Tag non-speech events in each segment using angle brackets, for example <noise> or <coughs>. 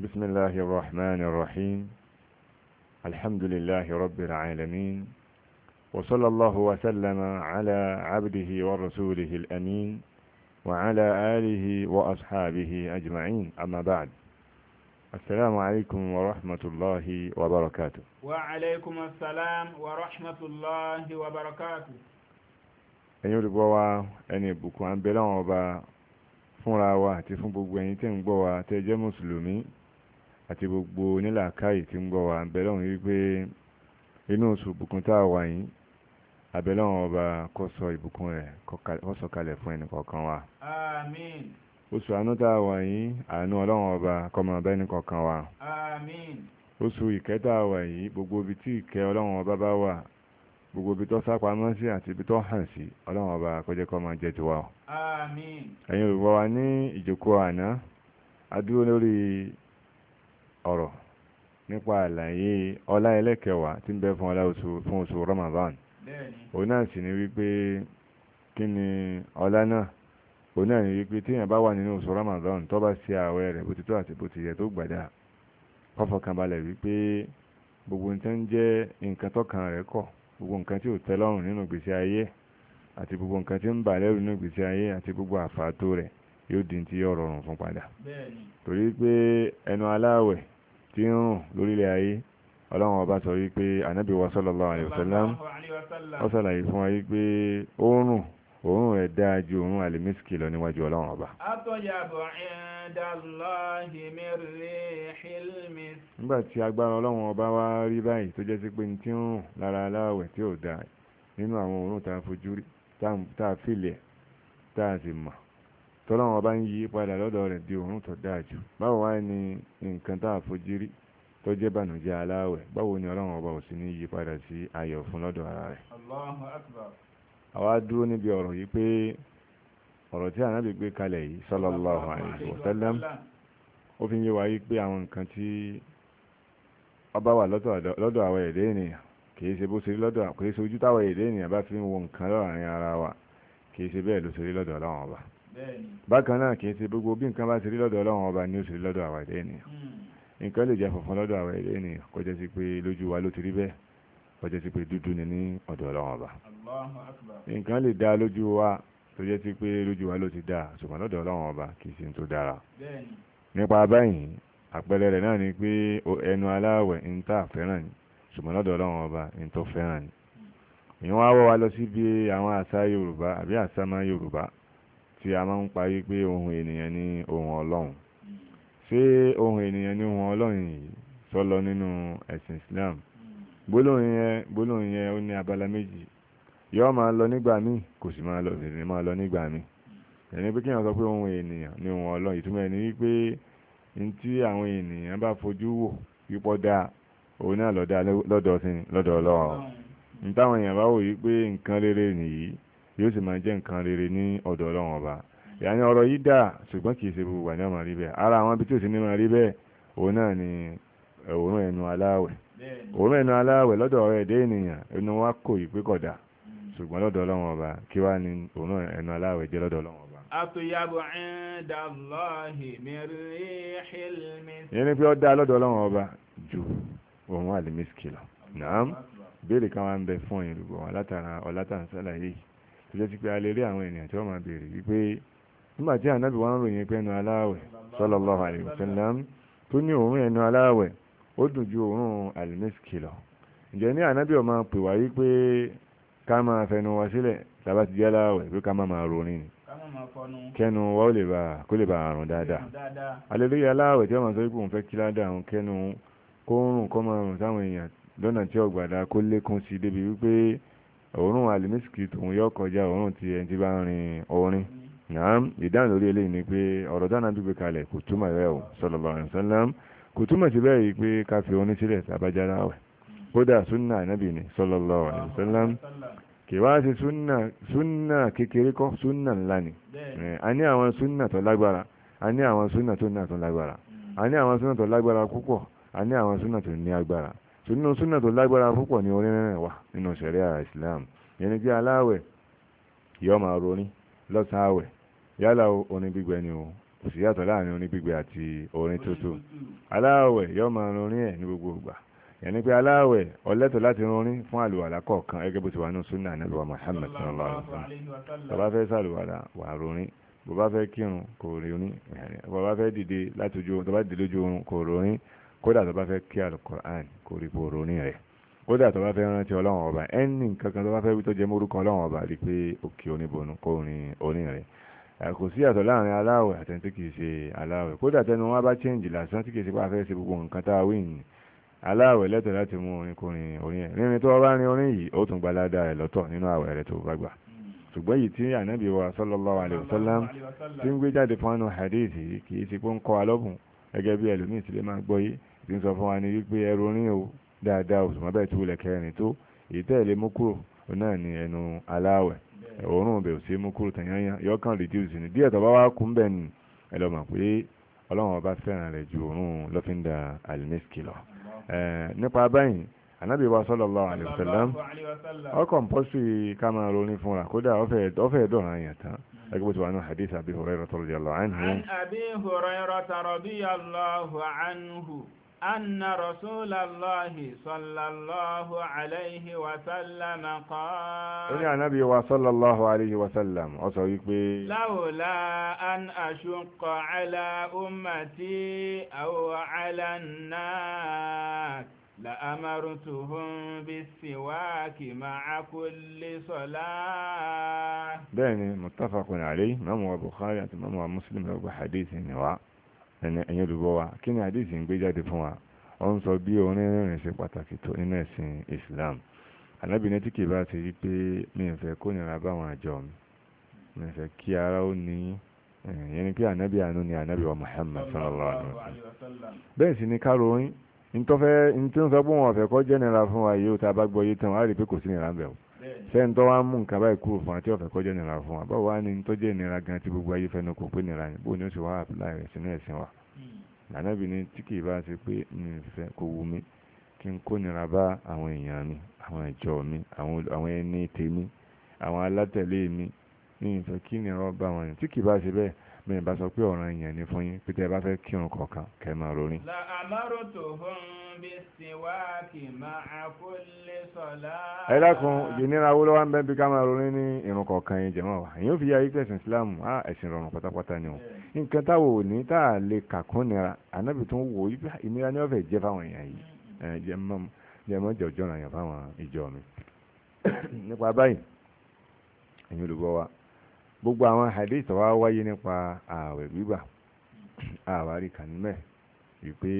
بسم الله الرحمن الرحيم الحمد لله رب العالمين وصلى الله وسلم على عبده ورسوله الأمين وعلى آله وأصحابه أجمعين أما بعد السلام عليكم ورحمة الله وبركاته وعليكم السلام ورحمة الله وبركاته ẹ̀yin olùgbọ́ wa ẹni ìbùkún à ọba fúnra wa àti fún gbogbo ẹ̀yin tẹ́ ń gbọ́ wa tẹ́ jẹ́ mùsùlùmí àti gbogbo onílàákàyè tí ń gbọ́ wa àbẹ̀lẹ̀ ọ̀hún wípé inú oṣù bùkún tá a wà yìí àbẹ̀lẹ̀ ọba kó sọ ìbùkún rẹ̀ kó sọ kalẹ̀ fún ẹnì wa. oṣù àánú tá a wà yìí àánú ọlọ́run ọba kó máa bá wa. oṣù ìkẹ́ tá a wà yìí gbogbo ibi tí ìkẹ́ ọlọ́run ọba bá wà gbogbo ibi tó sápamọ́ sí àti ibi tó hàn sí ọlọ́run ọba kó jẹ́ kó tiwa. àmín. ẹ̀yin wa ní ìjókòó àná adúró lórí ọ̀rọ̀ nípa àlàyé ọlá ẹlẹ́kẹwàá tí ń bẹ fún ọlá fún oṣù Ramadan òun náà sì ni wípé kí ni ọlá náà òun náà ni wípé téèyàn bá wà nínú oṣù Ramadan tó bá ṣe ààwẹ̀ rẹ̀ bó ti tó àti bó ti yẹ tó gbàdá kọ́fọ́ kan balẹ̀ wípé gbogbo nǹkan jẹ́ nǹkan tọ́kàn rẹ̀ kọ̀ gbogbo nǹkan tí ò tẹ́ lọ́rùn nínú ìgbésí ayé àti gbogbo nǹkan tí ń bà lẹ́rù nínú ìgbésí ayé àti gbogbo àfààtò rẹ̀ yóò di ti yọ rọrùn fún padà torí pé ẹnu aláwẹ̀ tí ń rùn lórílẹ̀ ayé ọlọ́run ọba sọ wípé ànábì wa sallallahu alaihi wasallam ó sàlàyé fún wa wípé oòrùn oòrùn rẹ̀ dáa ju oòrùn àlèmísìkì lọ níwájú ọlọ́run ọba. nígbà tí agbára ọlọ́run ọba wá rí báyìí tó jẹ́ sí pé ní tí ń rùn lára aláwẹ̀ tí ò dáa nínú àwọn oòrùn tá a fojú rí tá a fìlẹ̀ tá a sì mọ̀ tọ́lọ́wọ́n bá ń yí padà lọ́dọ̀ rẹ̀ di òórùn tó dáa jù báwo wá ní nǹkan tá a fojú rí tó jẹ́ bànújẹ́ aláwẹ̀ báwo ni ọlọ́run ọba ò sì ní yí padà sí ayọ̀ fún lọ́dọ̀ ara rẹ̀. Allahu Akbar. àwa dúró níbi ọ̀rọ̀ yìí pé ọ̀rọ̀ tí ànábì gbé kalẹ̀ yìí sallallahu alaihi wasallam ó fi ń yé wa yí pé àwọn nǹkan tí ọba wà lọ́dọ̀ àwọn èdè ènìyàn kìí ṣe bó ṣe rí lọ́dọ̀ kìí ṣe èdè ènìyàn bá fi ń wo nǹkan láàrin ara wa kìí ṣe bẹ́ẹ̀ ló ṣe rí lọ́dọ̀ ọlọ́run ọba bákan náà kì í ṣe gbogbo bí nǹkan bá ṣe rí lọ́dọ̀ ọlọ́run ọba ni ó ṣe rí lọ́dọ̀ àwa ẹ̀dẹ́ ènìyàn nǹkan lè jẹ́ funfun lọ́dọ̀ àwa ẹ̀dẹ́ ènìyàn kó jẹ́ sí pé lójú wa ló ti rí bẹ́ẹ̀ kó jẹ́ sí pé dúdú ni ní ọ̀dọ̀ ọlọ́run ọba nǹkan lè dá lójú wa tó jẹ́ sí pé lójú wa ló ti dá ṣùgbọ́n lọ́dọ̀ ọlọ́run ọba kì í ṣe tó dára nípa báyìí àpẹẹrẹ rẹ̀ náà ni pé ẹnu aláwẹ̀ ń tà fẹ́ràn ni ṣùgbọ́n lọ́dọ̀ ọlọ́run ọba ń tó fẹ́ràn ni ìyẹn wá wọ́ wa lọ síbi àwọn àṣà Yorùbá àbí àṣà máa Yorùbá tí a máa ń parí pé ohun ènìyàn ni ohun ọlọ́run ṣé ohun ènìyàn ni ohun ọlọ́run yìí sọ́lọ nínú ẹ̀sìn Islam gbólóhùn yẹn gbólóhùn yẹn ó ní abala méjì yọ́ máa lọ nígbà míì kò sì máa lọ sì ní máa lọ nígbà míì ẹni pé kíyàn sọ pé ohun ènìyàn ni ohun ọlọ́run ìtumọ̀ ẹni wípé ní tí àwọn ènìyàn bá fojú wò pípọ́ dáa òun náà lọ́dọ̀ sí lọ́dọ̀ ọlọ́run ní táwọn èèyàn bá wò yí pé nǹkan rere nìyí yóò sì máa jẹ́ nǹkan rere ní ọ̀dọ̀ ọlọ́run ọba ìyáni ọ̀rọ̀ yìí dà ṣùgbọ́n kì í ṣe gbogbo àní ọmọ rí bẹ́ẹ̀ ara àwọn ibi tí ò sí ní máa rí bẹ́ẹ̀ òun náà ni òórùn ẹnu aláwẹ̀ òórùn ẹnu aláwẹ̀ lọ́dọ̀ ọ̀rọ̀ ẹ̀dẹ́ ènìyàn ẹnu wa kò yí pé kódà ṣùgbọ́n lọ́dọ̀ ọlọ́run ọba kí wá ni òórùn ẹnu aláwẹ̀ jẹ́ lọ́dọ̀ ọlọ́run ọba. àtúnyàbọ̀ ẹ̀ńdàlọ́hì mẹ́rin ìyẹn ni pé ó dá lọ́dọ̀ ọlọ́run ọba ju òun àlè mísìkì lọ nàám béèrè kan wá ń bẹ fún ìrùbọ̀ ọ̀látàrà ọ̀látàǹsálà jẹ́ sí pé a lè rí àwọn ènìyàn tí wọ́n máa béèrè wípé nígbà tí ànábì wọn ròyìn pé ẹnu aláwẹ̀ sallallahu alaihi wasallam tó ní òórùn ẹnu aláwẹ̀ ó dùn ju òórùn àlùmísìkì lọ ǹjẹ́ ní ànábì ó máa pè wá wípé ká máa fẹnu wa sílẹ̀ tàbá ti jẹ́ aláwẹ̀ pé ká máa máa ronin ni kẹnu wa ó lè bá kó lè bá àrùn dáadáa àlelúyà aláwẹ̀ tí wọ́n máa sọ wípé òun fẹ́ kí ládàá òun kẹnu òórùn alimiski tòun yọ kọjá òórùn tí ẹni tí bá ń rin orin náà ìdáhùn lórí eléyìí ni pé ọ̀rọ̀ dáná gbígbé kalẹ̀ kò túmọ̀ rẹ̀ o sallallahu alaihi wasallam kò túmọ̀ sí bẹ́ẹ̀ pé ká fi orin sílẹ̀ sábàjára wẹ̀ kódà súnà ànábì ni sallallahu kì ni a ní àwọn súnà tó lágbára a ní àwọn súnà tó ní a ní àwọn súnà tó sínú súnà to lagbara púpọ̀ ni orí náà wa ninu shari'a Islam yẹn ni pé aláwẹ̀ yóò yálà o si yato yàtọ̀ ni oní bigbe àti orin tútù aláwẹ̀ yóò máa ronú gbogbo ìgbà yẹn alawe pé aláwẹ̀ fún àlùwàlà kọ̀ọ̀kan gẹ́gẹ́ bó ti wà wa Muhammad sallallahu alaihi wasallam dide kódà tó bá fẹ́ kí alukur'an kó rí bó ronú rẹ̀ kódà tó bá fẹ́ rántí ọlọ́run ọba ẹni kankan tó bá fẹ́ wí tó jẹ́ mórúkọ ọlọ́run ọba rí pé òkè oníbonú kó rin oní rẹ̀ kò sí àtọ̀ láàrin aláwẹ̀ àtẹni tí kìí ṣe aláwẹ̀ kódà tẹnu wọn bá chẹ́ǹjì lásán tí kìí ṣe pé a fẹ́ ṣe gbogbo nǹkan tá a wí yìí aláwẹ̀ lẹ́tọ̀ láti mú orin kó rin orin ẹ̀ rírin tó bá rin orin yìí ó tún gba ládàá rẹ̀ lọ́tọ̀ nínú àwẹ̀ rẹ̀ tó bá gbà ṣùgbọ́n yìí tí ànábì wa sallallahu alaihi wasallam ti ń gbé jáde fún àánú hadith kìí ṣe pé ń kọ́ alọ́bùn gẹ́gẹ́ bí ẹlòmíì ti lè máa gbọ́ yé ti ń sọ fún wa ní wípé ẹrù orin o dáadáa o sùmọ́ bẹ́ẹ̀ tí wulẹ̀ kẹrin tó èyí tẹ́ ẹ̀ lè mú kúrò náà ni ẹnu aláwẹ̀ òórùn bẹ̀ ò sí mú kúrò tẹ̀yányán yọkàn reduce ni díẹ̀ tó bá wá kú ń bẹ̀ ni ẹ lọ mọ̀ pé ọlọ́run ọba fẹ́ràn rẹ̀ ju òórùn lọ́fíńdà àlùmísìkì lọ nípa báyìí ànábì wa sallallahu alaihi wasallam ọkọ̀ mpọ́sì kámẹ́rà lóní fúnra kódà ọ̀fẹ́ dọ̀rọ̀ àyàn tán ẹgbẹ́ tí wà nù hadith Abi Hurairah radiyallahu anhu. an Abi Hurairah radiyallahu anhu anna rasulallahi sallallahu alaihi wasallam qala. ó ní ànábì wa sallallahu alaihi wasallam ó sọ wípé. láwùlá an ashqa ala ummati aw ala an-nas. لأمرتهم بالسواك مع كل صلاة بين متفق عليه مام البخاري أنت مام مسلم لو حديث نواع ẹni ẹ̀yin olùgbọ́ wa kí ni àdìsí ń gbé jáde fún wa ó ń sọ bí onírìnrìn ṣe pàtàkì tó nínú ẹ̀sìn Islam alábìnrin tí kìí bá ti rí pé mi ń fẹ́ kó nira báwọn àjọ mi mi ń fẹ́ kí ara ó ní ẹ̀yìn ni pé ànábì àánú ni ànábì wa Muhammad sallallahu alaihi wa sallam bẹ́ẹ̀ sì ni ká ronú ntọ́fẹ́ ntọ́fẹ́ bó wọn ọ̀fẹ́ kọ́ jẹ́ nira fún wa yóò tá a bá gbọ́ yé tán á rí i pé kò sí nira bẹ́ẹ̀ o sẹ́yìn tó wá mú nǹkan báyìí kúrò fún wa tí ọ̀fẹ́ kọ́ jẹ́ nira fún wa báwo wá ní tó jẹ́ nira gan tí gbogbo ayé fẹnu kò pé nira yẹn bó ni ó sì wá àpìlà rẹ̀ sínú ẹ̀sìn wa hmm. ànábì ni tí kì í bá ṣe pé mi kò wù mí kí n kó nira bá àwọn èèyàn mi àwọn ìjọ mi àwọn ẹni tèmi àwọn alátẹ̀lé mi mi kí nira bá wọn tí kì bá ṣe bẹ́ẹ̀ bẹ́ẹ̀ bá sọ pé ọ̀ràn yẹn ni fún yín pété ẹ bá fẹ́ kírun kọ̀ọ̀kan kẹ́ máa rorin. la àmárò tó fún bí siwáàkì máa kó lè sọ̀lá. ẹ dákun ìnira wo ló wá ń bẹ́ẹ̀ bí ká máa rorin ní irun kọ̀ọ̀kan yẹn jẹ̀mọ́ wa èyí ò fi ya ikú ẹ̀sìn Islam á ẹ̀sìn rọrùn pátápátá ni o. nǹkan táwo ò ní tá a lè kàkún nira ànábì tó ń wò ó ìnira ni wọ́n fẹ́ jẹ́ fáwọn èèyàn yìí jẹ́mọ́ jọ̀jọ́ <coughs> gbogbo àwọn hadith wa wáyé nípa ààwẹ̀ gbígbà àwárí kan níbẹ̀ wípé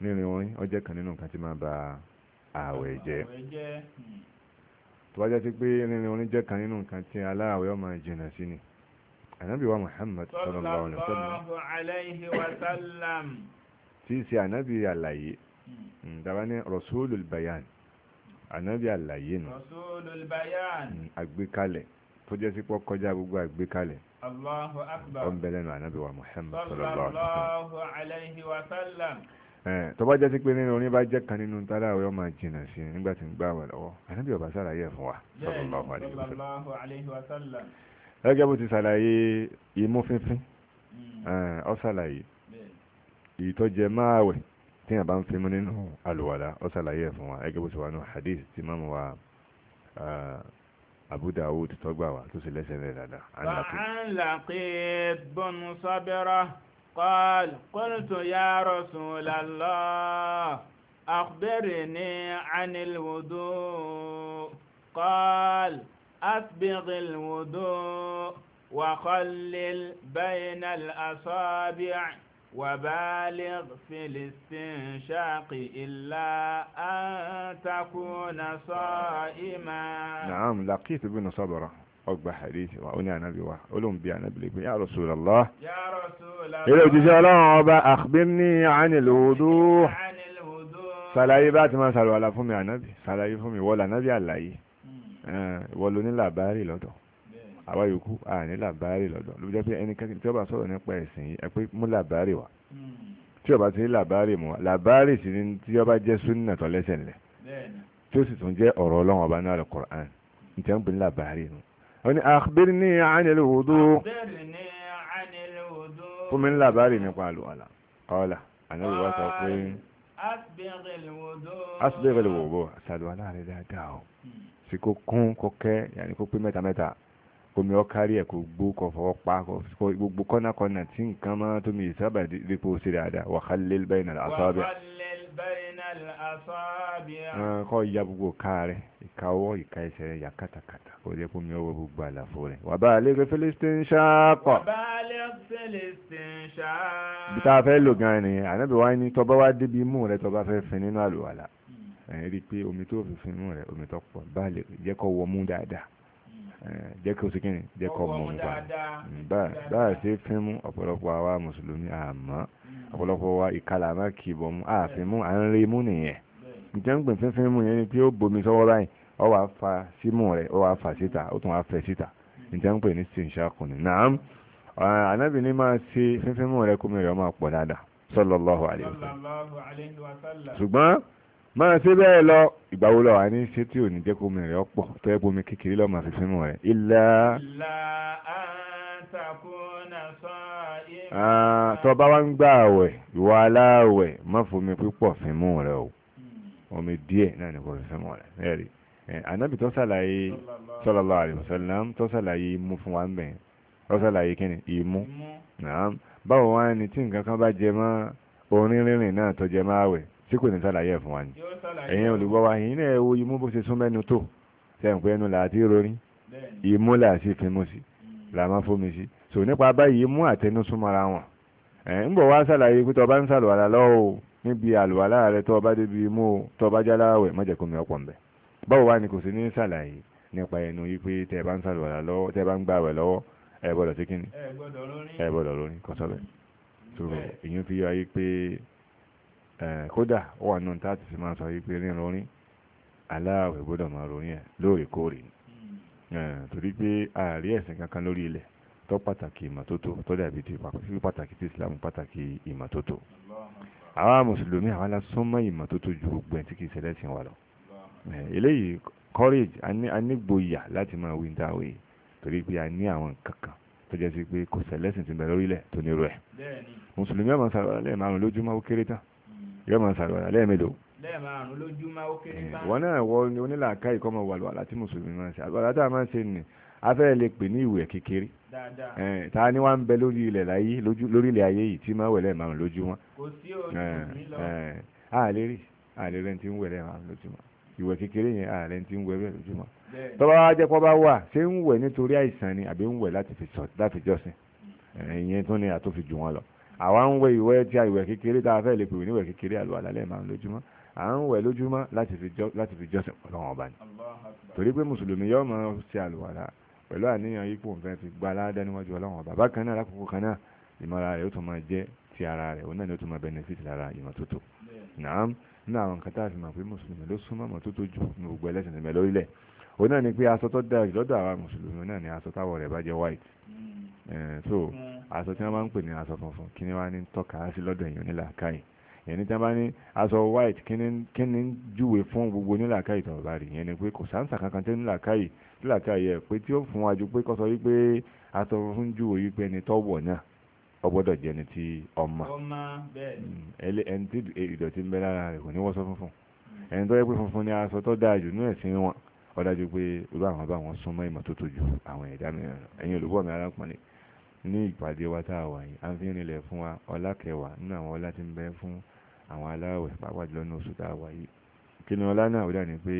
rírin orin ọjẹ́ kan nínú nǹkan tí máa ba ààwẹ̀ jẹ́ hmm. tó bá jẹ́ sí pé rírin orin jẹ́ kan nínú nǹkan tí aláàwẹ̀ ọmọ jìnà sí ni ànábì wa Muhammad sallallahu alaihi wa sallam tí í ṣe ànábì àlàyé dàbá hmm. hmm, ní rasulul bayan ànábì àlàyé nù àgbékalẹ̀ tó jẹ́ sí pọ́ kọjá gbogbo àgbékalẹ̀ Allahu akbar ó ń bẹ lẹ́nu ànábì wa Muhammad wa sallam tó bá jẹ́ sí pé nínú orin bá jẹ́ kan nínú tálá ọ̀yọ́ máa jìnà sí wa sallam gẹ́gẹ́ bó ti ṣàlàyé ìmúfínfín hmm. ó ṣàlàyé ìtọ́jẹ máa wẹ̀ tí a bá ń fi mú nínú àlùwàlá ó ṣàlàyé wa gẹ́gẹ́ bó ti wà nínú hadith tí máa mú wa Abu Dawud tọ́gbà wá tó sì lẹ́sẹ̀ rẹ̀ dáadáa. Fa'an Laqit bun Sabira qal qultu ya Rasulallah akhbirni anil wudu qal asbighil wudu wa khallil bayna al-asabi' وبالغ في الاستنشاق إلا أن تكون صائما نعم لقيت بن صبرة ọgbà hadithi wa oní ànábì wa olóhùn bí ànábì lè gbé ya Rasulullah ilé òjíṣẹ́ ọlọ́run ọba akhbirni anil wudu ṣàlàyé bá ti máa ṣàlùwàlà fún mi ànábì ṣàlàyé fún mi wọ́lá ànábì àlàyé ìwọ ló ní làbárì lọ́dọ̀ àwa yòókù àní làbárì lọ́dọ̀ ló jẹ́ pé ẹnikẹ́ni tí ó bá sọ̀rọ̀ nípa ẹ̀sìn yìí ẹ pé mú làbárì wá tí ó bá ti ní làbárì mú wa làbárì sì ni tí ó jẹ́ súnà tó lẹ́sẹ̀ ńlẹ̀ tí ó sì tún jẹ́ ọ̀rọ̀ ọlọ́run ọba náà Al-Qur'an ǹjẹ́ ń pè ní làbárì nù. ó ní akhbirni anil wudu fún mi ní làbárì nípa àlùwàlà ọ̀là ànábi wá sọ pé asibẹ̀rẹ̀ lòdó àṣàlùwàlà rẹ̀ dáadáa o hmm. sì kó kún kọ́kẹ́ kómi ọkárí ẹ̀ kò gbó kò fọwọ́ pa gbogbo kọ́nàkọ́nà tí nǹkan máa tómi ìsábà dípò sí dáadáa wàhálẹ́l bẹ́ẹ̀ náà àtọ́bí. kọ́ ya gbogbo ká rẹ̀ ìka ọwọ́ ìka ẹsẹ̀ rẹ̀ yà kàtàkàtà kò jẹ́ kómi ọwọ́ gbogbo àlàfo rẹ̀. wà bá alẹ́ rẹ Filistin ṣáàpọ̀. bí tá a fẹ́ lò gan-an ni ànábì wá ní tọ́ba wá débi imú rẹ̀ tọ́ba fẹ́ fin nínú àlùwàlà ẹ̀ rí i pé omi tó fi fin imú rẹ̀ omi tó pọ̀ bá lè jẹ́ kó wọ mú dáadáa Eh, jẹ́ kó sí kíni jẹ́ kó mọ̀ mú dáadáa báyà sí fín mú ọ̀pọ̀lọpọ̀ àwa mùsùlùmí àmọ́ mm. ọ̀pọ̀lọpọ̀ wa ìkàlà máa kì í bọ̀ mú àfin mú à ń rí mú nìyẹn ǹjẹ́ ń gbìn fínfín mú yẹn ni pé ó bomi sọ́wọ́ báyìí ọ wàá fa símú rẹ̀ ọ wàá fà síta ó tún wàá fẹ̀ síta mm. ǹjẹ́ ń pè ní stinshakun naam anabi ni máa ṣe fínfín mú rẹ̀ kómi rẹ̀ ọmọ pọ̀ dáadáa sallallahu alaihi máa se bẹ́ẹ̀ lọ ìgbà wo lọ wà ní ṣé tí ò ní jẹ́ kó omi rẹ̀ ọ̀pọ̀ tó ẹ́ bomi kékeré lọ́mọ fi sínú rẹ̀ ilá. tó bá wá ń gbà àwẹ̀ ìwà aláàwẹ̀ má fomi púpọ̀ fímú rẹ̀ o hmm. omi díẹ̀ náà ní kò fi sínú rẹ̀ ẹ̀rí ànábì tó ṣàlàyé sallallahu alaihi wasallam tó ṣàlàyé imú fún wa ń bẹ̀ tó ṣàlàyé kí ni imú báwo wá ni tí nǹkan kan bá jẹ mọ́ orin rírìn náà tó jẹ mọ́ àwẹ̀ tí kò ní sàlàyé ẹ̀ fún wa ni ẹ̀yin olùgbọ́ wa yìí náà wo imú bó ṣe sún mẹ́nu tó sẹ́ǹpẹ́ ẹnu là á ti rorin imú là á sì fi mú sí là á má fómi sí so nípa báyìí imú àtẹnu súnmọ́ra wọn ẹ̀ ń bọ̀ wá sàlàyé pé tọba ń sàlùwàlà lọ́wọ́ níbi àlùwàlà rẹ tọba débi imú tọba jáláwẹ̀ mọ́jẹ̀kùnmi ọ̀pọ̀ ńbẹ báwo wá ni kò sí ní sàlàyé nípa ẹnu yìí pé tẹ bá ń sàlùwàlà lọ́wọ́ Eh, kódà wà nù tá a ti máa sọ wípé rírin orin aláàwẹ̀ gbọ́dọ̀ máa rorin ẹ̀ lóòrèkóòrè eh, torí pé ààrí ẹ̀sìn kankan lórí ilẹ̀ tó pàtàkì ìmọ́tótó tó dàbí ti pàtàkì tí Islam pàtàkì ìmọ́tótó àwa mùsùlùmí àwa la súnmọ́ ìmọ́tótó ju gbogbo ẹ̀ tí kì í ṣẹlẹ̀ sìn wa lọ eh, eléyìí courage a ní gboyà láti máa wí dáwé torí pé a ní àwọn nǹkan kan tó jẹ́ sí pé kò ṣẹlẹ̀ sìn ti bẹ̀rẹ̀ orílẹ̀ tó ní irú ẹ̀ mùsùlùmí àmọ́ sàrọ̀ lẹ́ẹ̀ márùn lójúmọ́ ó kéré tán yóò máa ṣàlùwàlà lẹ́ẹ̀mẹ́lò lẹ́ẹ̀márùn lójúmọ́ ó kéré eh, bá. wọn náà wọ onílàáká ikọ́ máa wà lọ́wọ́ láti mùsùlùmí máa ṣe àlùwàlà tá a máa ṣe nì afẹ́ lè pè ní ìwẹ̀ kékeré eh, ta ni wọ́n ń bẹ lórí ilẹ̀ ayé lórí ilẹ̀ ayé yìí tí máa wẹ̀ lẹ́ẹ̀márùn lójúmọ́. kò sí òòlù eh, lọ. àlérí àlérí ẹni tí ń wẹ̀ lẹ́ẹ̀márùn lójúmọ́ ìwẹ̀ kékeré yẹn ààrẹ ti ń wẹ̀ bẹ́ẹ̀ lójúmọ́ tọ́ba wa jẹ́ kó bá wà ṣé ń wẹ̀ nítorí àìsàn ni àbí ń wẹ̀ láti jọ́sìn ìyẹn tún ni àtúnfi jù wọn lọ àwa ń wẹ ìwẹ̀ tí a ìwẹ̀ kékeré tá a fẹ́ lè pèwé níwẹ̀ kékeré àlùwàlá lẹ́ẹ̀ máa ń lójúmọ́ à ń wẹ̀ lójúmọ́ láti fi jọ́sìn ọlọ́run ọba ni torí pé mùsùlùmí yóò máa ṣe àlùwàlá pẹ̀lú àníyàn yípo nfẹ́ fi gba aládá níwájú ọlọ́run ọba bákan náà lákòókò kan náà ìmọ̀ra rẹ̀ ó tún máa jẹ́ ti ara rẹ̀ òun náà ni ó tún máa benefit lára ìmọ́tótó nàám nínú àwọn nǹkan tá white so aṣọ tí wọ́n bá ń pè ní aṣọ funfun kí ni wọ́n á ní tọ́ka sí lọ́dọ̀ èèyàn nílàákàyè yẹn ní tí wọ́n bá ní aṣọ white kí ni júwe fún gbogbo nílàákàyè tó bá rí yẹn ni pé kò sáǹsà kankan tí nílàákàyè nílàákàyè ẹ̀ pé tí ó fún wa ju pé kọ́ sọ wípé aṣọ funfun júwe wípé ẹni tọ́wọ̀ náà ọgbọ́dọ̀ jẹ́ ẹni tí ọmọ mm, ẹni tí ìdọ̀tí ń bẹ lára rẹ̀ kò ní wọ́sọ funfun ẹni tó yẹ pé funfun ni aṣọ tó dáa jù ní ẹ̀sìn wọn ó dájú pé olú àwọn bá wọn súnmọ́ ìmọ́tótó ju àwọn ẹ̀dá mìíràn lọ ẹ̀yin olùkọ́ mi arákùnrin ní ìpàdé wa tá a wà yìí a fi ń rinlẹ̀ fún wa ọlá kẹwàá nínú àwọn ọlá tí ń bẹ fún àwọn aláwẹ̀ pàápàá jùlọ ní oṣù tá a wà yìí kí ni ọlá náà ó dà ní pé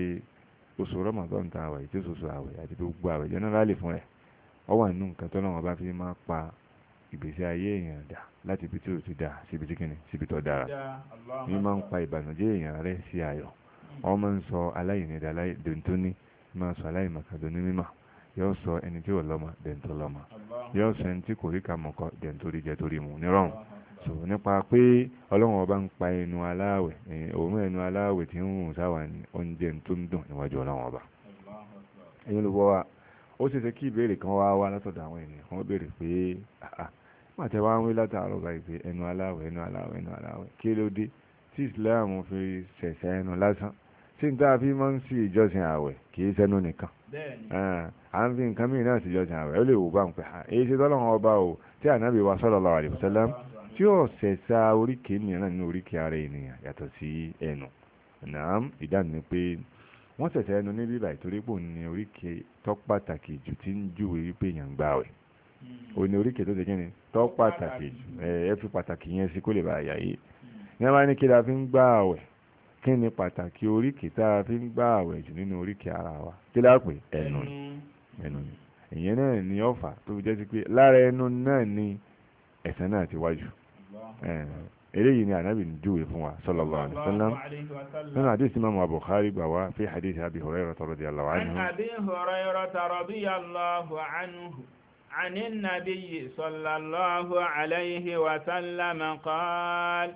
oṣù rọmọdún tá a wà yìí tí oṣù àwẹ̀ àti gbogbo àwẹ̀ jẹ́nẹ́rálì fún rẹ̀ ọ wà nínú nǹkan tó bá fi máa pa ìgbésí ayé èèyàn dà láti ibi tí ó ti dà síbi tí kìíní síbi tó dára ní máa ń pa ìbànújẹ́ èèyàn rẹ̀ sí ayọ̀ ọ hmm. máa ń sọ aláìní Ma sàláì màkàdó ní mímọ̀ yóò sọ ẹni tí ò lọ́mọ dẹ̀ntó lọ́mọ yóò sọ ẹni tí kò rí kà mọ̀kọ dẹ̀ntó rí jẹ torí mu nírọ̀rùn so nípa pé ọlọ́run ọba ń pa ẹnu aláàwẹ̀ òórùn ẹnu aláàwẹ̀ tí ń rùn sáwà ní oúnjẹ tó ń dùn níwájú ọlọ́run ọba ẹ̀yin olùkọ́ wa ó ṣe ṣe kí ìbéèrè kan wá wá látọ̀dọ̀ àwọn ènìyàn kan béèrè pé màtẹ wá ń wí látàárọ̀ báyìí pé ẹnu aláàwẹ̀ ẹnu aláàwẹ̀ ẹnu aláàwẹ̀ kí ló dé tí ìsìláàmù fi ṣẹ̀ṣẹ̀ ẹnu lásán tí n ta fi máa ń sí ìjọsìn àwẹ̀ kì í sẹ́nu nìkan à ń fi nǹkan mìíràn náà sí ìjọsìn àwẹ̀ ó lè wò bá ń pẹ́ èyí ṣe tọ́lọ́run ọba o tí ànábì wa sallallahu alaihi wasallam tí ó ṣẹ̀ṣà oríkèé mìíràn ní oríkèé ara ènìyàn yàtọ̀ sí ẹnu nàám ìdáhùn ni pé wọ́n ṣẹ̀ṣà ẹnu ní bíbà ìtorí pò ní oríkèé tó pàtàkì jù tí ń júwe wípé èèyàn gbà wẹ̀ hmm. òní oríkèé tó ṣe kí ni tó pàtàkì jù ẹ fi pàtàkì yẹn sí kó lè bàa yà yìí ní wọ́n á ní kí la fi ń gbà wẹ̀ kí ni pàtàkì oríkì tá a fi ń gbà àwẹ̀ jù nínú oríkì ara wa kí láà pé ẹnu ni ẹnu ni ìyẹn náà ni ọ̀fà tó fi jẹ́ sí pé lára ẹnu náà ni ẹ̀san náà ti wájú eléyìí ni ànábì ń fún wa sallallahu alaihi wasallam nínú àdéhùn imam abukhari gbà wá fi hadith abi hurairah radiyallahu anhu. abi hurairah radiyallahu anhu عن النبي صلى الله عليه وسلم قال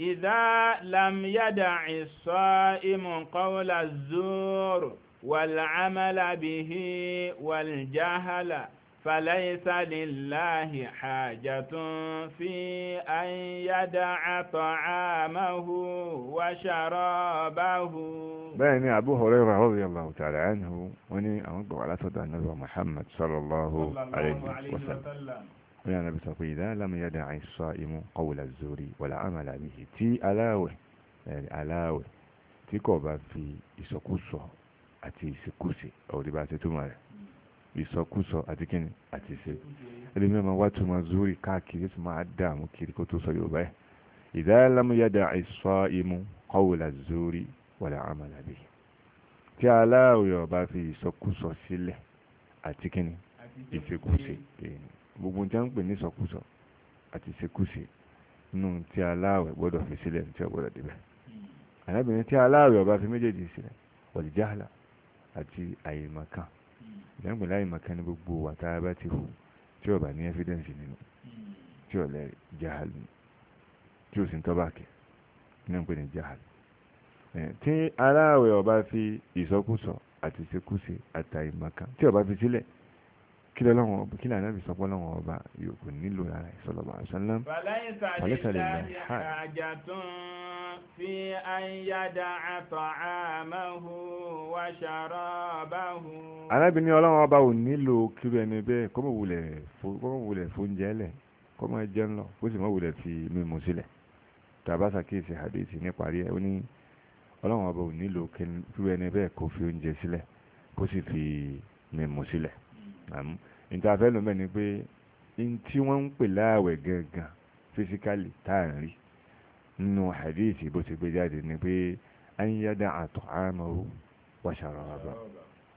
إذا لم يدع الصائم قول الزور والعمل به والجهل فليس لله حاجة في أن يدع طعامه وشرابه بين أبو هريرة رضي الله تعالى عنه وني أمضوا على تدى النبي محمد صلى الله, صلى الله عليه, عليه وسلم, وسلم ní ànábì sọ pé ìdá alámúyádà àìsàn imú kọwùlà zórí wàlá àmàlàbìyí tí aláwẹ̀ aláwẹ̀ tí kò bá fi ìsọkúsọ àti ìṣekúṣe ọ̀rí bá ṣe túmọ̀ rẹ̀ ìsọkúsọ àti kíni àti ìṣe ẹlẹ́mìí máa wá túmọ̀ zórí káàkiri tó máa dààmú kiri kó tó sọ yorùbá ẹ̀ ìdá alámúyádà àìsàn imú kọwùlà zórí wàlá àmàlàbìyí tí aláwẹ̀ ọba fi ìsọkúsọ sílẹ̀ àti kíni ìṣekúṣe èèyàn gbogbo tí a ń pè ní sọkúsọ àti ṣekúṣe nù tí aláàwẹ̀ gbọ́dọ̀ fi sílẹ̀ tí ó gbọ́dọ̀ débẹ̀ arábìnrin tí aláàwẹ̀ ọba fi méjèèjì sílẹ̀ wọ̀lìjáàlà àti àyèmọ̀kan ìdáǹpẹ̀ láyèmọ̀kan ní gbogbo wà tá a bá ti hù tí ó bá ní evidence nínú tí ó lẹ jahalu tí ó sì ń tọ́ba kẹ ní pé ní jahalu tí aláàwẹ̀ ọba fi ìsọkúsọ àti ṣekúṣe àti tí ọba fi sílẹ̀ kí lọ́wọ́ ọba kí lànà ìbísọ̀ lọ́wọ́ ọba yòókù nílò ara ìsọ̀lọ́bà àṣálàm. fàlẹ́sà lè lè hàjà tún fi àyàdà àtọ̀ àmàhù wà ṣàrọ̀bàhù. arábìnrin ọlọ́wọ́ ọba ò nílò kíru ẹni bẹ́ẹ̀ kọ́mọ̀ wulẹ̀ fóúnjẹ lẹ̀ kọ́mọ̀ jẹun lọ kó sì mọ̀ wulẹ̀ fi mímu sílẹ̀ tàbá sàkíyèsí hadithi níparí ẹ̀ ó ní ọlọ́wọ́ ọba ò nílò kíru ẹni bẹ́ẹ̀ kó fi oúnjẹ sílẹ̀ kó sì fi mímu sílẹ̀ ìtafẹ́ lómẹ́ ni pé in tí wọ́n ń pè láàwẹ̀ gangan fisikali táà ń rí nínú hadithi bó ti gbé jáde ni pé an yada àtọ̀ àmọ́wó wàṣàrọ̀ bàbá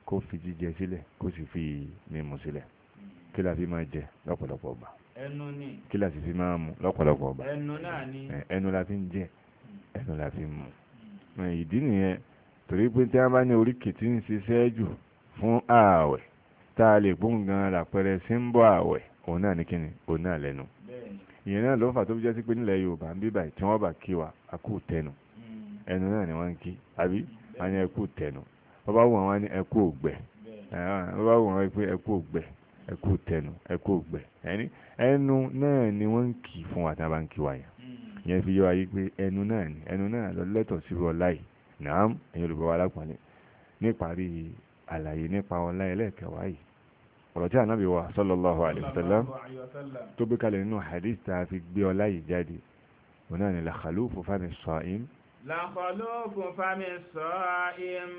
kó fi jíjẹ sílẹ̀ kó sì fi mímu sílẹ̀ kí la fi máa jẹ lọ́pọ̀lọpọ̀ ọba ẹnu ni kí la sì fi máa mu lọ́pọ̀lọpọ̀ ọba ẹnu náà ni ẹnu la fi ń jẹ ẹnu la fi ń mu hmm. ìdí nìyẹn torí pé tí wọ́n bá ní oríkèé tí ń ṣiṣẹ́ jù fún ààwẹ̀ tá lè gbóǹgan làpẹrẹ símbọ̀ àwẹ̀ òun náà ní kíni òun náà lẹ́nu ìyẹn náà ló fà tó fi jẹ́ sí pé nílẹ̀ yorùbá ń bí báyìí tí wọ́n hmm. ẹnu náà ni wọ́n kí àbí wọ́n ní ẹkú tẹnu bá wù ẹkú bá wù pé ẹkú ẹkú tẹnu ẹkú ẹnu náà ni wọ́n fún wa tí hmm. fi yé wa yí ẹnu náà ni ẹnu náà lọ sí ọlá yìí nàám ọ̀rọ̀ tí ànábì wa sallallahu alayhi wa sallam tó gbé kalẹ̀ nínú hadith tá a fi gbé ọlá yìí jáde òun náà ni làkàlùfù fámi sọ́ọ̀ìm. làkàlùfù fámi sọ́ọ̀ìm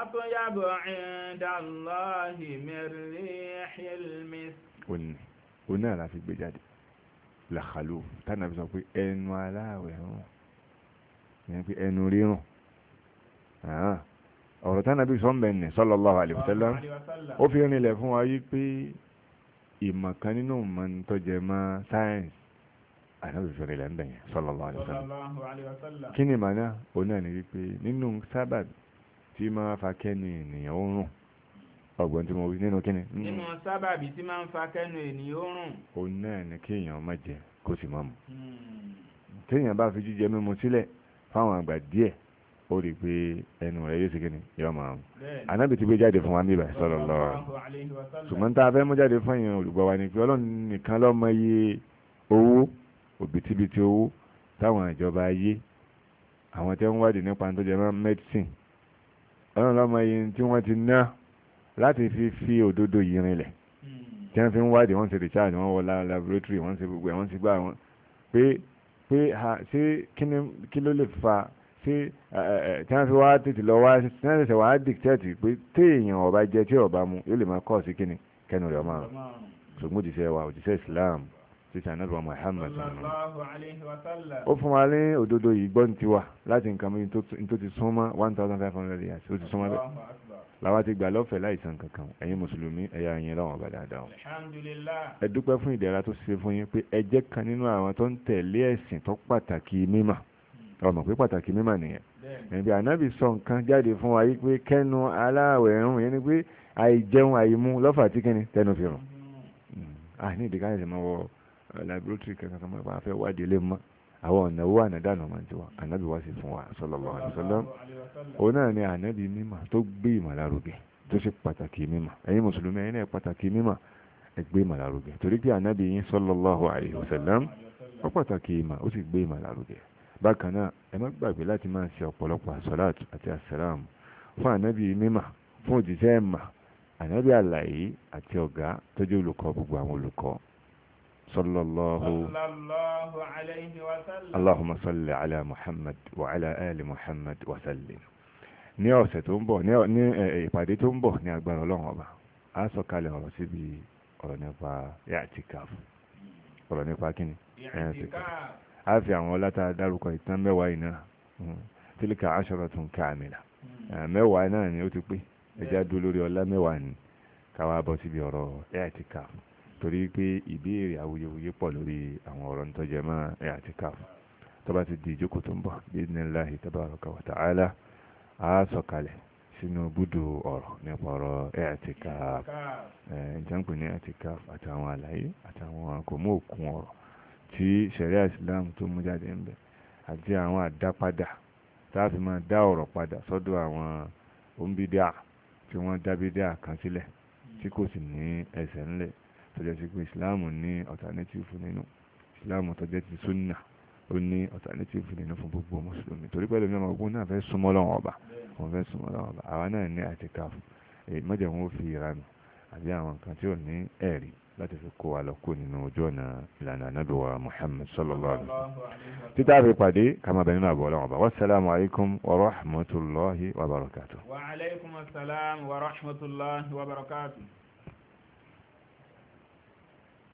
àtúnyàbò ìdánlọ́hì mẹ́rìndínlẹ́hìlmí. òní òun náà la fi gbé jáde làkàlùfù tánàbí sọ pé ẹnu aláwẹ̀ rùn ẹnu rírùn ọ̀rọ̀ tí Ànábì sọ́mbẹ̀ ní sallallahu alaihi wasallam ó fi rinlẹ̀ fún wa yí pé ìmọ̀ kan nínú ìmọ̀ tó jẹ mọ́ sáyẹ́ǹsì Ànábì fi rinlẹ̀ ń bẹ̀ yẹn sallallahu alaihi wasallam kí ni màá náà ó náà ní wípé nínú sábàbí tí máa fa kẹ́ni ènìyàn ó rùn ọgbọ́n tí mo wí nínú kíni. nínú sábàbí tí máa ń fa kẹ́nu ènìyàn ó rùn. òun hmm. náà ni kéèyàn má jẹ kó sì má mu. Hmm. téèyàn bá fi jíjẹ mímu sílẹ̀ fáwọn àgbà díẹ̀ ó rí i pé ẹnu rẹ̀ yóò ṣe kí ni yóò máa mú anábì ti gbé jáde fún wa ní ibà sọ̀rọ̀ lọ ṣùgbọ́n tá a fẹ́ mú jáde fún èèyàn olùgbọ́ wa ni pé ọlọ́run nìkan ló mọ iye owó òbítíbitì owó táwọn ìjọba ayé àwọn tí wọ́n wádìí nípa tó jẹ mọ́ medicine ọlọ́run ló mọ iye tí wọ́n ti ná láti fi fi òdodo yìí rinlẹ̀ hmm. tí wọ́n fi ń wádìí wọ́n ṣe recharge wọ́n wọ laboratory wọ́n ṣe gbogbo ẹ̀ wọ́n ṣe gbá wọn pé fa tí wọ́n fi wá tètè lọ wá tí wọ́n ṣẹ̀ṣẹ̀ wá dìkítẹ́ẹ̀tì pé téèyàn ọba jẹ tí ọba mu yóò lè máa kọ́ sí kíni kẹnu rẹ̀ ọmọ rẹ̀ ṣùgbọ́n òjíṣẹ́ wa òjíṣẹ́ Islam títí anábìwọ̀n Muhammad ó fún wa ní òdodo yìí gbọ́n ti wà láti nǹkan mi tó ti súnmọ́ one thousand five hundred years ó ti súnmọ́ bẹ́ẹ̀ làwa ti gbà lọ́fẹ̀ẹ́ láìsàn kankan ẹ̀yin mùsùlùmí ẹ̀yà ẹ̀yin lọ́wọ́n bá dáadáa o. ẹ dúpẹ́ fún ìdẹ̀ra tó ṣe fún yín pé ẹ jẹ́ kan nínú àwọn tó ń tẹ̀lé ẹ̀sìn tó pàtàkì mímọ́ ọmọ pé pàtàkì mímọ̀ nìyẹn ẹ̀bí ànábì sọ nǹkan jáde fún wa yìí pé kẹ́nu aláàwẹ̀ ẹ̀rùn yẹn ni pé àìjẹun àìmú lọ́fà tí kìíní tẹnu fi rùn à mm-hmm. mm. ní ìdíkà ẹ̀sìn máa wọ uh, laboratory kankan kan máa fẹ́ wádìí ilé mọ́ àwọn ọ̀nà owó ànádànù máa ti wà ànábì wá sí fún wa sallallahu alaihi wasallam òun náà ni ànábì mímọ̀ tó gbé ìmọ̀lárugẹ tó ṣe pàtàkì mímọ̀ ẹ̀yin mùsùlùmí ẹ̀yin náà pàtàkì mímọ̀ ẹ gbé ìmọ̀lárugẹ torí pé ànábì yín sallallahu alaihi wasallam ó pàtàkì ìmọ̀ ó sì gbé ìmọ̀lárugẹ bákan náà ẹ má gbàgbé láti máa ṣe ọ̀pọ̀lọpọ̀ àsọ̀láàtù àti àsàlámù fún ànábì mímà fún òjíṣẹ́ ẹ̀mà ànábì àlàyé àti ọ̀gá tó jẹ́ olùkọ́ gbogbo àwọn olùkọ́ sallallahu alayhi wa sallam allahumma salli ala muhammad wa ala ali muhammad wa sallim ní ọ̀sẹ̀ tó ń bọ̀ ní ìpàdé tó ń bọ̀ ní agbára ọlọ́run ọba a sọ kalẹ̀ ọ̀rọ̀ síbi ọ̀rọ̀ nípa yàtìkáfù ọ̀rọ̀ nípa kíni yàtìkáfù á fi àwọn ọlá tá a dárúkọ ìtàn mẹ́wàá yìí náà hmm. tílíkà asharatun kamila hmm. eh, mẹ́wàá náà ni ó ti pé ẹja awuyewuye pọ̀ lori àwọn ọ̀rọ̀ nítọ́jẹ́ mọ́ tó bá ti di ìjókòó tó ń bọ̀ bi'idhnillahi tabaraka wa a á sínú nípa eh, pè ní àtàwọn àlàyé àtàwọn òkun tí sẹ̀ríà Islam tó mú jáde ń bẹ̀ àti àwọn àdápadà táàfin máa dá ọ̀rọ̀ padà sọ́dọ̀ àwọn ombídà tí wọ́n dábídà kan sílẹ̀ tí kò sì ní ẹsẹ̀ ńlẹ̀ tó sí pé Islam ní alternative nínú Islam tó jẹ́ ti sunna ó ní alternative nínú fún gbogbo mùsùlùmí torí pẹ̀lú mi ọmọ ogun náà fẹ́ súnmọ́ lọ́wọ́ ọba wọ́n fẹ́ súnmọ́ lọ́wọ́ ọba àwa náà ní àtìkáfù èyí mọ́jẹ̀ wọn ó fi ìranù àbí àwọn nǹkan tí ò ní ẹ̀rí láti fi kó wa lọ kó nínú ojú ọ̀nà ìlànà ànábì wa Muhammad sallallahu alaihi wa sallam títí a fi pàdé kàmá bẹ̀rẹ̀ nínú àbọ̀ ọlọ́run wasalaamu alaykum wa rahmatulahi wa barakatu. wa alaykum asalaam wa rahmatulahi wa barakatu.